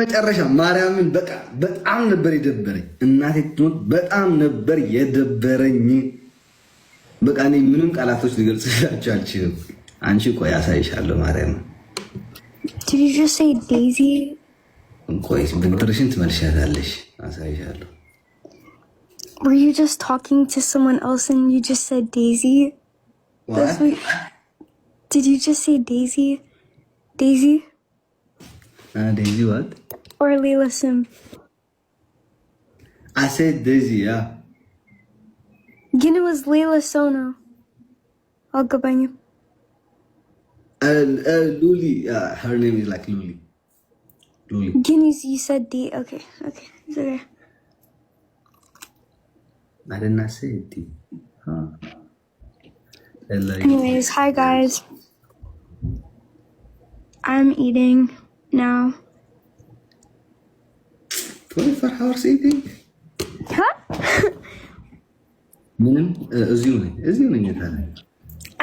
መጨረሻ ማርያምን በቃ በጣም ነበር የደበረኝ። እናቴ ትሞት በጣም ነበር የደበረኝ። በቃ እኔ ምንም ቃላቶች ሊገልጽላቸው አልችልም። አንቺ ቆይ አሳይሻለሁ። ማርያም ቆይ ብድርሽን ትመልሻታለሽ። አሳይሻለሁ። Were you just talking to someone else and you just said Daisy? What? Did you just say Daisy? Daisy? Uh, Daisy what? Or Leela Sim. I said Daisy, yeah. Yine was Leela Sono. I'll go by you. And uh, Luli, uh, her name is like Luli. Luli. Guineas, you said D. Okay, okay, it's okay. I did not say D. Huh. Anyways, hi guys. I'm eating no. 24 hours eating? Huh? ምንም እዚሁ ነኝ እዚሁ ነኝ ታለ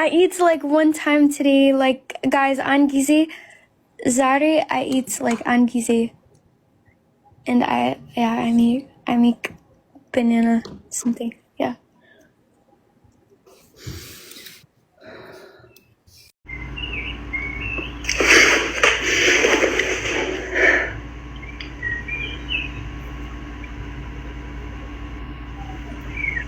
I eat like one time today like guys አንድ ጊዜ ዛሬ I eat like አንድ ጊዜ and I yeah I make I make banana something yeah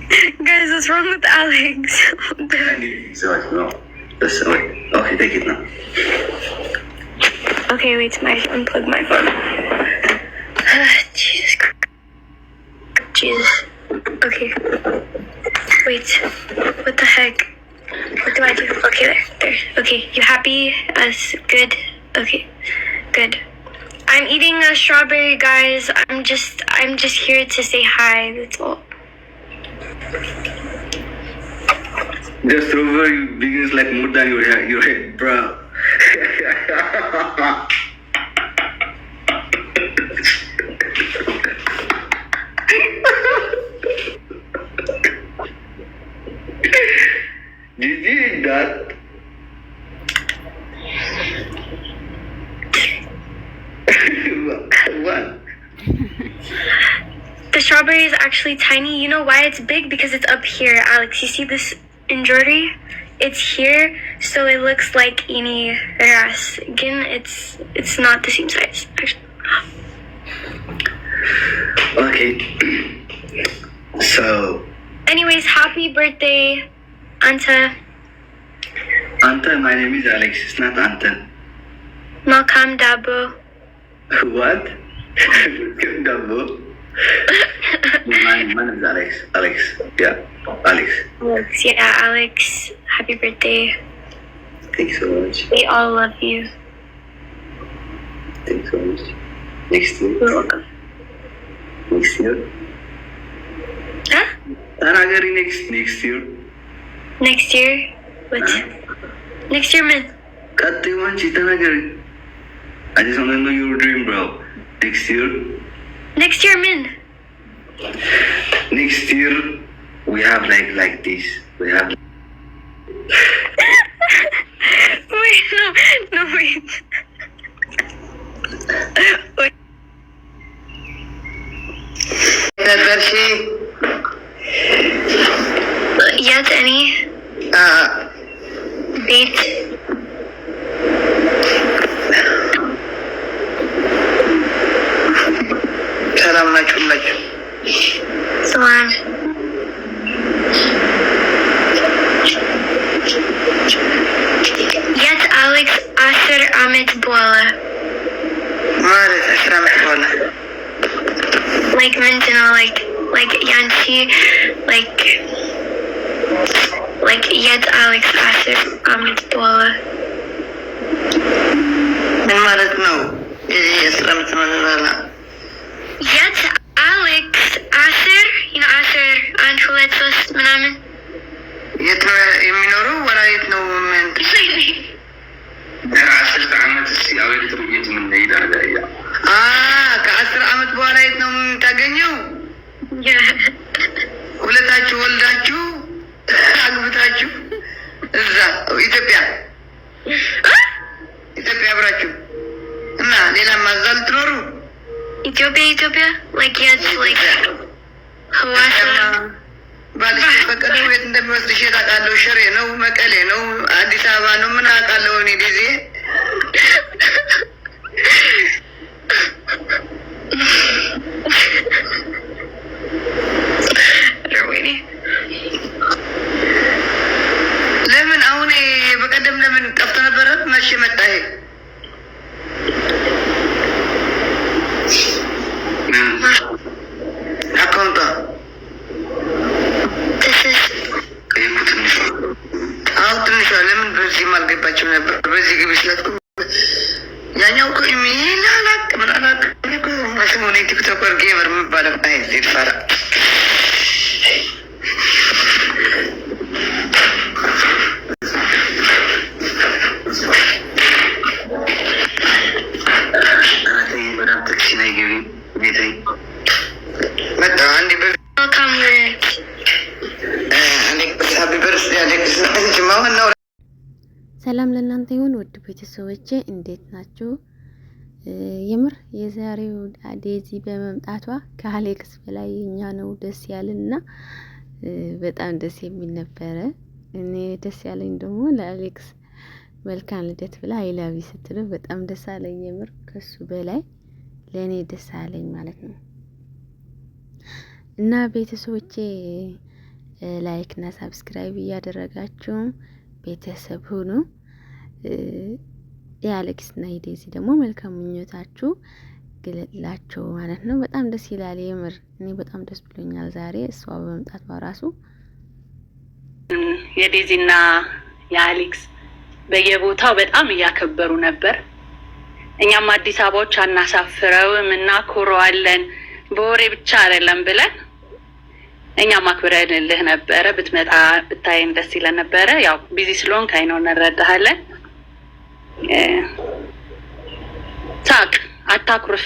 Guys, what's wrong with Alex? I don't know. Okay, take it now. Okay, wait, I unplug my phone. Ah, Jesus Christ. Jesus. Okay. Wait. What the heck? What do I do? Okay, there. There. Okay, you happy? Us good? Okay. Good. I'm eating a strawberry, guys. I'm just I'm just here to say hi. That's all. Just over you begins like more than your head, your head, bro. Did you eat that? what? the strawberry is actually tiny. You know why it's big? Because it's up here, Alex. You see this in Jordi, it's here, so it looks like any grass. Again, it's it's not the same size. Actually. Okay. so. Anyways, happy birthday, Anta. Anta, my name is Alex. It's not Anta. Malcolm Dabo. What? Malcolm Dabo. My mine is Alex. Alex. Yeah. Alex. Yeah, Alex. Happy birthday. Thanks so much. We all love you. Thanks so much. Next year. You're welcome. Next year. Huh? Aragari next next year. Next year? What? Huh? Next year, man. God damn, Chitanagar. I just want to know your dream, bro. Next year. Next year, Min. Next year, we have like like this. We have. ትችላላችሁ ሁላችሁ የት አሌክስ አስር አመት በኋላ ማለት አስር አመት በኋላ ላይክ ምንድን ነው ላይክ ላይክ ያንቺ ላይክ ላይክ የት አሌክስ አስር አመት በኋላ ምን ማለት ነው? የአስር አመት በኋላ የት አሌክስ አስር አስር አንድ ሁለት ሶስት ምናምን የት ነው የሚኖረው? ወላይት ነው። በቀደም ቤት እንደሚወስድሽ ታውቃለሁ። ሽሬ ነው፣ መቀሌ ነው፣ አዲስ አበባ ነው። ምን አውቃለሁ እኔ ጊዜ ለምን አሁን በቀደም ለምን ጠፍቶ ነበረ? መቼ መጣ? እዚህ ግቢ ስላት ያኛው ኮ ኢሜል አላቅ ምን አላቅ አላውቅም ቲክቶከር ጌመር የምባለው ሰላም ለእናንተ ይሁን ውድ ቤተሰቦቼ፣ እንዴት ናችሁ? የምር የዛሬው ዴዚ በመምጣቷ ከአሌክስ በላይ እኛ ነው ደስ ያለና በጣም ደስ የሚል ነበረ። እኔ ደስ ያለኝ ደግሞ ለአሌክስ መልካም ልደት ብላ አይላቢ ስትለው በጣም ደስ አለኝ። የምር ከሱ በላይ ለእኔ ደስ አለኝ ማለት ነው። እና ቤተሰቦቼ ላይክ እና ሳብስክራይብ እያደረጋችሁ ቤተሰብ ሁኑ። የአሌክስ እና የዴዚ ደግሞ መልካም ምኞታችሁ ግለጥላቸው ማለት ነው። በጣም ደስ ይላል። የምር እኔ በጣም ደስ ብሎኛል ዛሬ እሷ በመምጣት ራሱ የዴዚ የዴዚና የአሌክስ በየቦታው በጣም እያከበሩ ነበር። እኛም አዲስ አበባዎች አናሳፍረውም፣ እናኮረዋለን በወሬ ብቻ አይደለም ብለን እኛ አክብረንልህ ነበረ። ብትመጣ ብታይን ደስ ይለን ነበረ። ያው ቢዚ ስለሆንክ አይነው እንረዳሃለን ሳቅ፣ አታኩርፍ።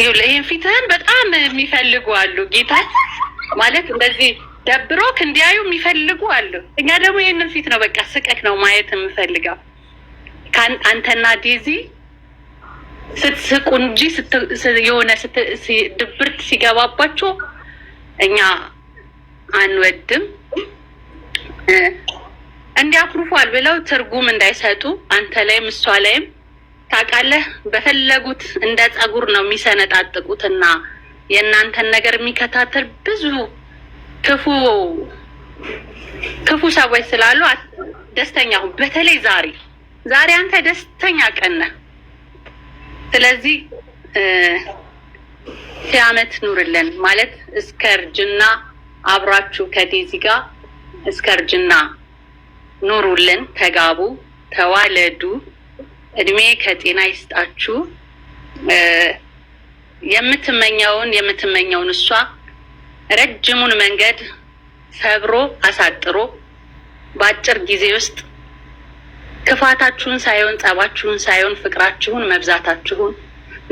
ይህን ፊትህን በጣም የሚፈልጉ አሉ። ጌታ ማለት እንደዚህ ደብሮክ እንዲያዩ የሚፈልጉ አሉ። እኛ ደግሞ ይህንን ፊት ነው በቃ ስቀክ ነው ማየት የምፈልገው። አንተና ዴዚ ስትስቁ እንጂ የሆነ ድብርት ሲገባባቸው እኛ አንወድም። እንዲያፕሩፏል ብለው ትርጉም እንዳይሰጡ አንተ ላይም እሷ ላይም ታውቃለህ፣ በፈለጉት እንደ ጸጉር ነው የሚሰነጣጥቁትና የእናንተን ነገር የሚከታተል ብዙ ክፉ ክፉ ሰዎች ስላሉ ደስተኛ ሁን። በተለይ ዛሬ ዛሬ አንተ ደስተኛ ቀን ነህ። ስለዚህ ሺህ ዓመት ኑርልን ማለት እስከ እርጅና አብራችሁ ከዴዚ ጋር እስከ እርጅና ኑሩልን፣ ተጋቡ፣ ተዋለዱ፣ እድሜ ከጤና ይስጣችሁ። የምትመኘውን የምትመኘውን እሷ ረጅሙን መንገድ ሰብሮ አሳጥሮ በአጭር ጊዜ ውስጥ ክፋታችሁን ሳይሆን ጸባችሁን ሳይሆን ፍቅራችሁን መብዛታችሁን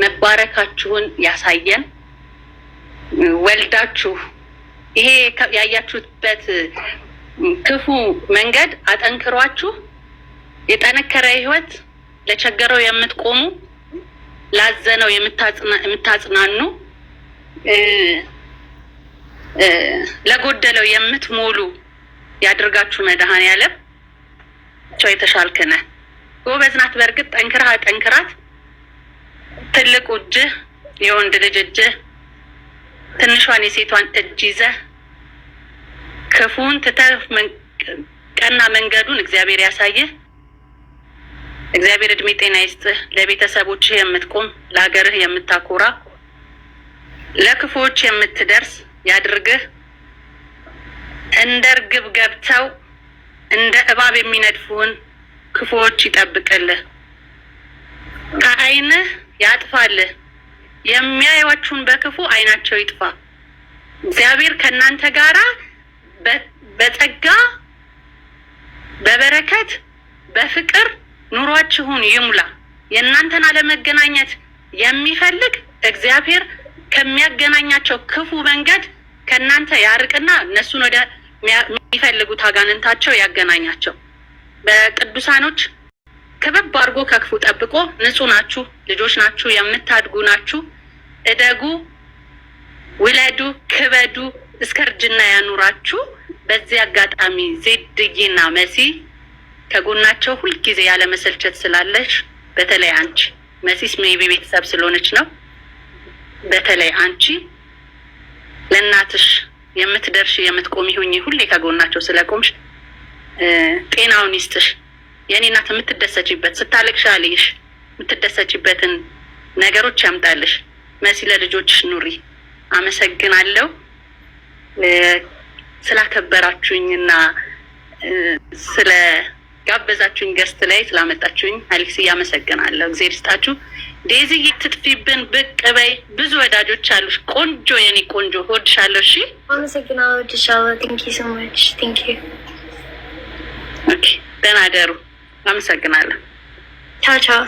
መባረካችሁን ያሳየን። ወልዳችሁ ይሄ ያያችሁበት ክፉ መንገድ አጠንክሯችሁ የጠነከረ ህይወት ለቸገረው የምትቆሙ ላዘነው የምታጽናኑ ለጎደለው የምትሞሉ ያድርጋችሁ። መድኃኔዓለም ቸው የተሻልክነ ጎበዝ ናት። በእርግጥ ጠንክራ ጠንክራት ትልቁ እጅህ የወንድ ልጅ እጅህ ትንሿን የሴቷን እጅ ይዘህ ክፉን ትተህ ቀና መንገዱን እግዚአብሔር ያሳይህ። እግዚአብሔር እድሜ ጤና ይስጥህ። ለቤተሰቦችህ የምትቆም ለሀገርህ የምታኮራ ለክፉዎች የምትደርስ ያድርግህ። እንደ እርግብ ገብተው እንደ እባብ የሚነድፉህን ክፉዎች ይጠብቅልህ። ከዓይንህ ያጥፋልህ። የሚያዩአችሁን በክፉ ዓይናቸው ይጥፋ። እግዚአብሔር ከእናንተ ጋራ በጸጋ በበረከት በፍቅር ኑሯችሁን ይሙላ። የእናንተን አለመገናኘት የሚፈልግ እግዚአብሔር ከሚያገናኛቸው ክፉ መንገድ ከእናንተ ያርቅና እነሱን ወደ የሚፈልጉት አጋንንታቸው ያገናኛቸው። በቅዱሳኖች ክበብ አድርጎ ከክፉ ጠብቆ ንጹህ ናችሁ፣ ልጆች ናችሁ፣ የምታድጉ ናችሁ። እደጉ፣ ውለዱ፣ ክበዱ እስከ እርጅና ያኑራችሁ። በዚህ አጋጣሚ ዜድዬና መሲ ከጎናቸው ሁልጊዜ ያለመሰልቸት ስላለች በተለይ አንቺ መሲስ ሜቢ ቤተሰብ ስለሆነች ነው። በተለይ አንቺ ለእናትሽ የምትደርሽ የምትቆሚ ሁኚ። ሁሌ ከጎናቸው ስለቆምሽ ጤናውን ይስጥሽ። የእኔ እናት የምትደሰችበት ስታለቅሽ አልይሽ የምትደሰችበትን ነገሮች ያምጣልሽ። መሲ ለልጆችሽ ኑሪ። አመሰግናለሁ። ስላከበራችሁኝና እና ስለ ጋበዛችሁኝ ገስት ላይ ስላመጣችሁኝ አሌክስ እያመሰግናለሁ። እግዜር ይስጣችሁ። ዴዚ ትጥፊብን ብቅ በይ። ብዙ ወዳጆች አሉ። ቆንጆ የኔ ቆንጆ ወድሻለሁ። እሺ፣ አመሰግናለሁ። እወድሻለሁ። ቴንኪ ዩ ሶ ማች ቴንኪ ዩ። ኦኬ፣ ደህና ደሩ። አመሰግናለሁ። ቻው ቻው።